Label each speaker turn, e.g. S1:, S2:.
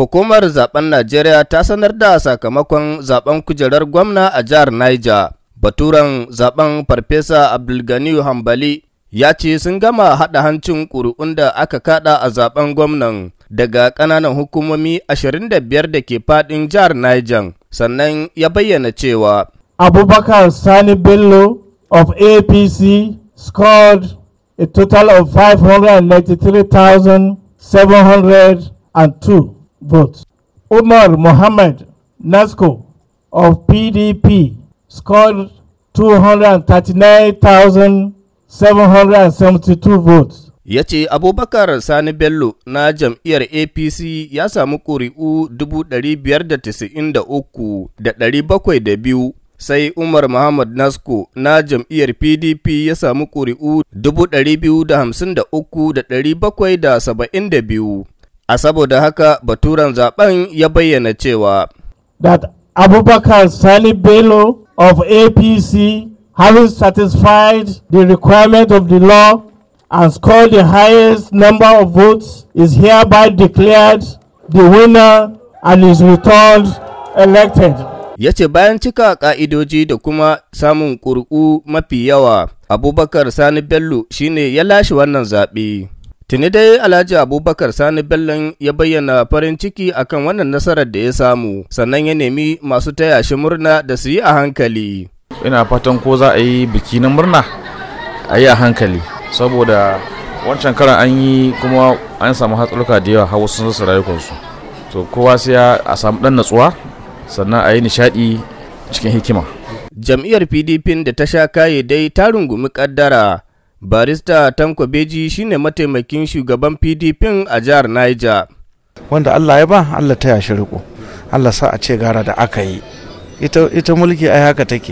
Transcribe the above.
S1: Hukumar zaben Najeriya ta sanar da sakamakon zaben kujerar gwamna a jihar Niger. Baturan zaben Farfesa Abdulganiyu Hambali ya ce sun gama haɗa hancin ƙuri'un da aka kaɗa a zaben gwamnan daga ƙananan hukumomi 25 da ke faɗin jihar Niger. Sannan ya bayyana cewa
S2: Abubakar Sani Bello of APC scored a total of 593,702. votes. Umar Mohammed Nasco of PDP scored 239,772 votes.
S1: Ya ce Abubakar Sani Bello na jam'iyyar APC ya samu ƙuri'u 593,702 sai Umar Muhammad Nasko na jam'iyyar PDP ya samu ƙuri'u 253,772. A saboda haka baturan zaben ya bayyana cewa.
S2: That Abubakar sani Bello of APC having satisfied the requirement of the law and scored the highest number of votes is hereby declared the winner and is returned elected.
S1: Ya ce bayan cika ka'idoji da kuma samun ƙuri'u mafi yawa, Abubakar Sani Bello shine ya lashe wannan zaɓe. Tuni dai Alhaji Abubakar Sani Bello ya bayyana farin ciki akan wannan nasarar da ya samu, sannan ya nemi masu taya shi murna da su yi a hankali. Ina fatan ko za a yi biki na murna a yi a hankali, saboda
S2: wancan karan an yi kuma an samu hatsaruka da yawa hawa sun rasa rayukansu.
S1: To kowa sai a samu ɗan natsuwa sannan a yi nishaɗi cikin hikima. Jam'iyyar PDP da ta sha kaye dai ta rungumi ƙaddara Barista Tanko Beji shine mataimakin shugaban PDP a jihar Niger. Wanda Allah ya ba,
S2: Allah ta yashi riko. Allah sa a ce gara da aka yi. Ita, mulki ai haka take.